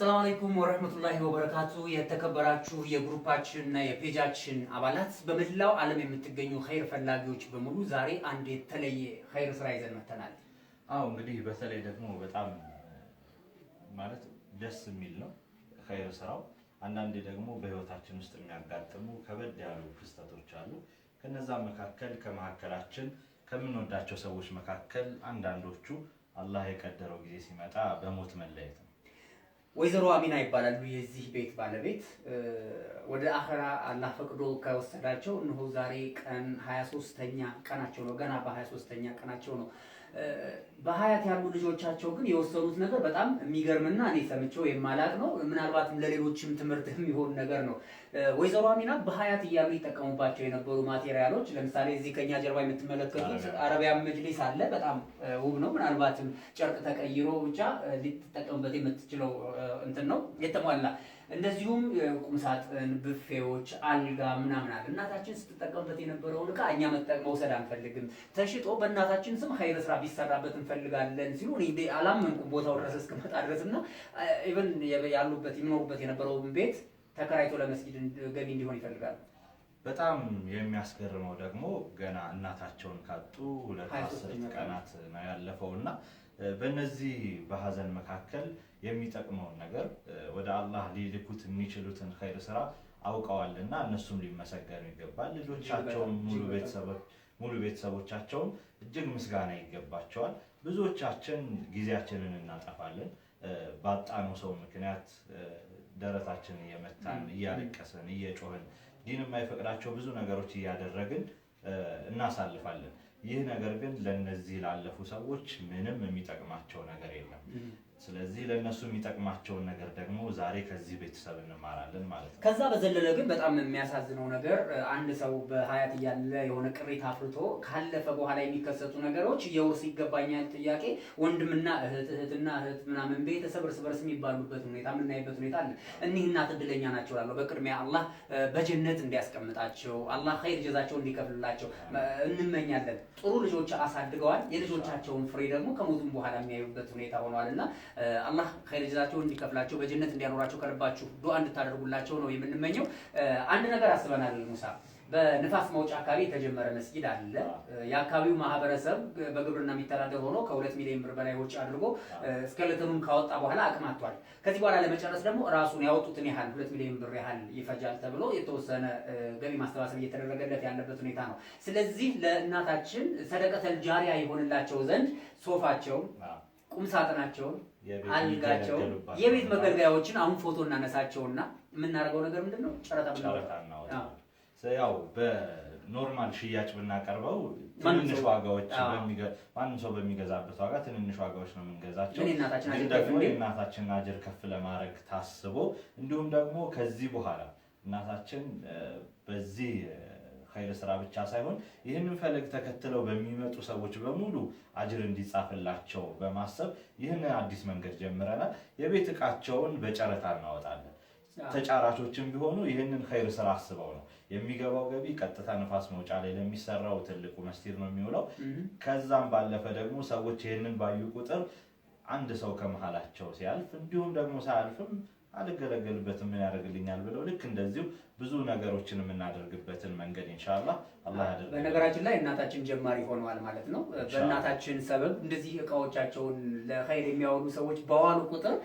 ሰላም አለይኩም ወረህመቱላሂ ወበረካቱ። የተከበራችሁ የግሩፓችን እና የፔጃችን አባላት በመላው ዓለም የምትገኙ ኸይር ፈላጊዎች በሙሉ ዛሬ አንድ የተለየ ኸይር ስራ ይዘን መተናል። አዎ እንግዲህ በተለይ ደግሞ በጣም ማለት ደስ የሚል ነው ኸይር ስራው። አንዳንዴ ደግሞ በህይወታችን ውስጥ የሚያጋጥሙ ከበድ ያሉ ክስተቶች አሉ። ከነዛ መካከል ከመካከላችን ከምንወዳቸው ሰዎች መካከል አንዳንዶቹ አላህ የቀደረው ጊዜ ሲመጣ በሞት መለየት ነው። ወይዘሮ አሚና ይባላሉ የዚህ ቤት ባለቤት። ወደ አፈራ አላህ ፈቅዶ ከወሰዳቸው እነሆ ዛሬ ቀን 23ኛ ቀናቸው ነው። ገና በ23ኛ ቀናቸው ነው በሀያት ያሉ ልጆቻቸው ግን የወሰኑት ነገር በጣም የሚገርምና እኔ ሰምቼው የማላቅ ነው። ምናልባትም ለሌሎችም ትምህርት የሚሆን ነገር ነው። ወይዘሮ አሚና በሀያት እያሉ ይጠቀሙባቸው የነበሩ ማቴሪያሎች ለምሳሌ እዚህ ከኛ ጀርባ የምትመለከቱት አረቢያ መጅሊስ አለ። በጣም ውብ ነው። ምናልባትም ጨርቅ ተቀይሮ ብቻ ልትጠቀምበት የምትችለው እንትን ነው የተሟላ እንደዚሁም ቁምሳጥን፣ ብፌዎች፣ አልጋ ምናምን አለ። እናታችን ስትጠቀምበት የነበረውን እቃ እኛ መውሰድ አንፈልግም። ተሽጦ በእናታችን ስም ሀይር ስራ ቢሰራበት እንፈልጋለን ሲሉ እኔ አላመንኩም ቦታው ድረስ እስክመጣ ድረስ እና ኢቨን ያሉበት የሚኖሩበት የነበረውን ቤት ተከራይቶ ለመስጊድ ገቢ እንዲሆን ይፈልጋሉ። በጣም የሚያስገርመው ደግሞ ገና እናታቸውን ካጡ ሁለት አስርት ቀናት ነው ያለፈው እና በእነዚህ በሀዘን መካከል የሚጠቅመውን ነገር ወደ አላህ ሊልኩት የሚችሉትን ኸይር ስራ አውቀዋልና እነሱም ሊመሰገኑ ይገባል። ልጆቻቸውን ሙሉ ቤተሰቦች ሙሉ ቤተሰቦቻቸውም እጅግ ምስጋና ይገባቸዋል። ብዙዎቻችን ጊዜያችንን እናጠፋለን። ባጣነው ሰው ምክንያት ደረታችንን እየመታን እያለቀስን እየጮህን ዲን የማይፈቅዳቸው ብዙ ነገሮች እያደረግን እናሳልፋለን። ይህ ነገር ግን ለነዚህ ላለፉ ሰዎች ምንም የሚጠቅማቸው ነገር የለም። ስለዚህ ለእነሱ የሚጠቅማቸውን ነገር ደግሞ ዛሬ ከዚህ ቤተሰብ እንማራለን ማለት ነው። ከዛ በዘለለ ግን በጣም የሚያሳዝነው ነገር አንድ ሰው በሀያት እያለ የሆነ ቅሬታ አፍርቶ ካለፈ በኋላ የሚከሰቱ ነገሮች የውርስ ይገባኛል ጥያቄ ወንድምና እህት እህትና እህት ምናምን ቤተሰብ እርስ በርስ የሚባሉበት ሁኔታ የምናይበት ሁኔታ አለ። እኒህ እናት እድለኛ ናቸው ላለው በቅድሚያ አላህ በጀነት እንዲያስቀምጣቸው አላህ ኸይር ጀዛቸው እንዲከፍልላቸው እንመኛለን። ጥሩ ልጆች አሳድገዋል። የልጆቻቸውን ፍሬ ደግሞ ከሞቱም በኋላ የሚያዩበት ሁኔታ ሆኗል እና አላህ ኸይር ጀዛቸውን እንዲከፍላቸው በጀነት እንዲያኖራቸው ከልባችሁ ዱዓ እንድታደርጉላቸው ነው የምንመኘው። አንድ ነገር አስበናል ሙሳ በንፋስ መውጫ አካባቢ የተጀመረ መስጊድ አለ። የአካባቢው ማህበረሰብ በግብርና የሚተዳደር ሆኖ ከሁለት ሚሊዮን ብር በላይ ወጪ አድርጎ እስከለተኑን ካወጣ በኋላ አቅም ከዚህ በኋላ ለመጨረስ ደግሞ ራሱን ያወጡትን ያህል ሁለት ሚሊዮን ብር ያህል ይፈጃል ተብሎ የተወሰነ ገቢ ማስተባሰብ እየተደረገለት ያለበት ሁኔታ ነው። ስለዚህ ለእናታችን ሰደቀተል ጃሪያ የሆንላቸው ዘንድ ሶፋቸው ቁም ሳጥናቸውን፣ አልጋቸውን፣ የቤት መገልገያዎችን አሁን ፎቶ እናነሳቸውና የምናደርገው ነገር ምንድን ነው? ጨረታ ያው በኖርማል ሽያጭ ብናቀርበው ትንንሽ ዋጋዎች ማንም ሰው በሚገዛበት ዋጋ ትንንሽ ዋጋዎች ነው የምንገዛቸው። ግን ደግሞ የእናታችንን አጀር ከፍ ለማድረግ ታስቦ እንዲሁም ደግሞ ከዚህ በኋላ እናታችን በዚህ ኸይር ስራ ብቻ ሳይሆን ይህንን ፈለግ ተከትለው በሚመጡ ሰዎች በሙሉ አጅር እንዲጻፍላቸው በማሰብ ይህንን አዲስ መንገድ ጀምረናል። የቤት እቃቸውን በጨረታ እናወጣለን። ተጫራቾችም ቢሆኑ ይህንን ኸይር ስራ አስበው ነው የሚገባው ገቢ ቀጥታ ንፋስ መውጫ ላይ ለሚሰራው ትልቁ መስቲር ነው የሚውለው። ከዛም ባለፈ ደግሞ ሰዎች ይህንን ባዩ ቁጥር አንድ ሰው ከመሃላቸው ሲያልፍ እንዲሁም ደግሞ ሳያልፍም አልገለገልበትም ምን ያደርግልኛል ብለው ልክ እንደዚሁ ብዙ ነገሮችን የምናደርግበትን መንገድ እንሻላ አላ ያደርግ። በነገራችን ላይ እናታችን ጀማሪ ሆነዋል ማለት ነው። በእናታችን ሰበብ እንደዚህ እቃዎቻቸውን ለኸይር የሚያወሉ ሰዎች በዋሉ ቁጥር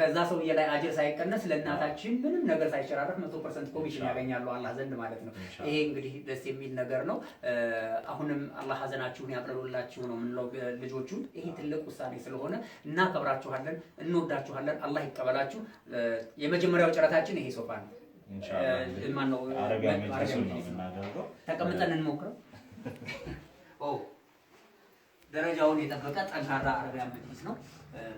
ከዛ ሰውዬ ላይ አጅር ሳይቀነስ ለእናታችን ምንም ነገር ሳይሸራረፍ ፐርሰንት ኮሚሽን ያገኛሉ አላህ ዘንድ ማለት ነው። ይሄ እንግዲህ ደስ የሚል ነገር ነው። አሁንም አላህ ሀዘናችሁን ያቅልሉላችሁ ነው ምንለው ልጆቹ። ይሄ ትልቅ ውሳኔ ስለሆነ እናከብራችኋለን፣ እንወዳችኋለን። አላህ ይቀበላችሁ። የመጀመሪያው ጨረታችን ይሄ ሶፋ ነው። ማነው ተቀምጠን እንሞክረው። ደረጃውን የጠበቀ ጠንካራ አረቢያ መጅሊስ ነው።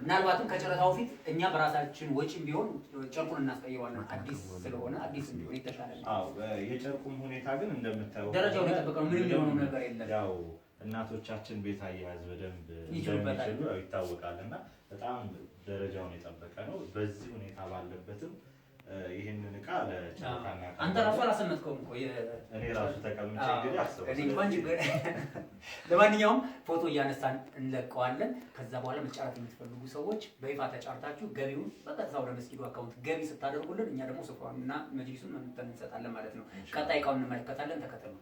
ምናልባትም ከጨረታው ፊት እኛ በራሳችን ወጪ ቢሆን ጨርቁን እናስቀይረዋለን። አዲስ ስለሆነ አዲስ እንዲሆን ይተሻላል። የጨርቁም ሁኔታ ግን እንደምታየው ደረጃውን የጠበቀ ነው። ምንም የሆነው ነገር የለም። እናቶቻችን ቤት አያያዝ በደንብ እንደሚችሉ ይታወቃል እና በጣም ደረጃውን የጠበቀ ነው። በዚህ ሁኔታ ባለበትም ይህንን እቃ ለቻካና አንተ ራሱ አላሰመጥከውም እኮ እኔ ራሱ ተቀምጬ እንግዲህ አስበው። ለማንኛውም ፎቶ እያነሳን እንለቀዋለን። ከዛ በኋላ መጫረት የምትፈልጉ ሰዎች በይፋ ተጫርታችሁ ገቢውን በቀጥታ ወደ መስጊዱ አካውንት ገቢ ስታደርጉልን፣ እኛ ደግሞ ስፍራውን እና መጅሊሱን መምጠን እንሰጣለን ማለት ነው። ቀጣይ እቃውን እንመለከታለን። ተከተሉ።